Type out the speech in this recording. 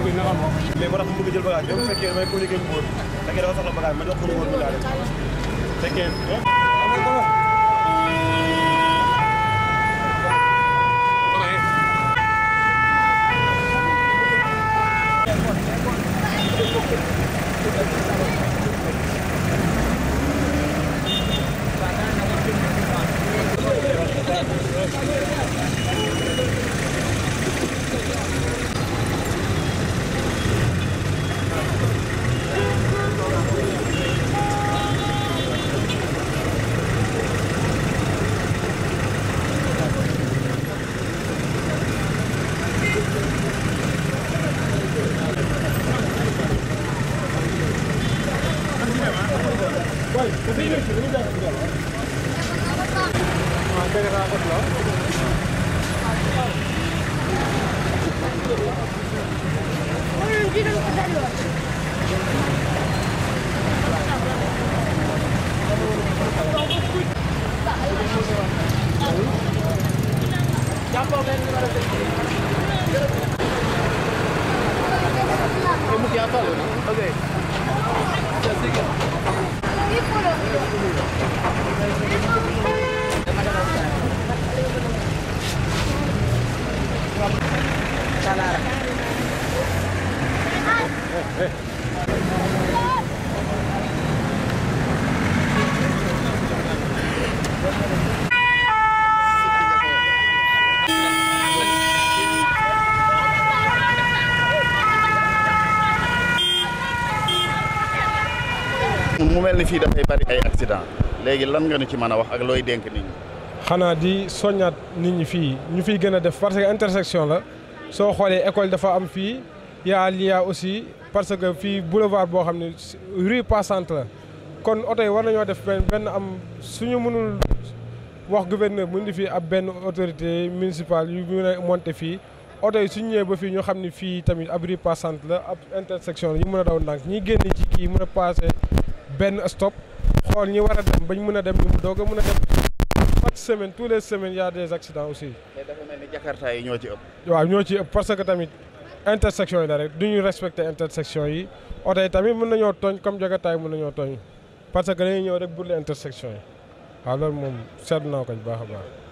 bëgg nga xam mais moo tax mu bëgg jël bagage bu fekkee damay communiqué ñu wóor fekkee dafa soxla bagage ma jox ko mu wóor ñu daal fekkee రాకట్లో Ya por ver, no lo tengo. mu mel ni fii dafay bari ay accident léegi lan nga nu ci mën a wax ak looy dénk nit ñi xanaa di soññaat nit ñi fii ñu fiy gën a def parce que intersection la soo xoolee école dafa am fii yaa liyaa aussi parce que fii boulevard boo xam ne rue passante la kon oto yi war nañoo def benn am suñu mënul wax gouverneur mu indi fii ab benn autorité municipale yu mën a monter fii oto yi suñu ñëwee ba fii ñu xam ne fii tamit ab rue passante la ab intersection yu ñu mën a daw ndànk ñi génn ci kii mën a passé benn stop xool ñi war a dem bañ mën a dem ñu doog a mën a dem semaine tous les semaines y a des accidents aussi. mel ni Jakarta yi ñoo ci ëpp. waaw ñoo ci ëpp parce que tamit intersection yi la rek du ñu respecté intersection yi oto yi tamit mën nañoo tooñ comme Jakarta yi mën nañoo tooñ parce que dañuy ñëw rek burle intersection yi waaw loolu moom seetlu naa ko bu baax a baax.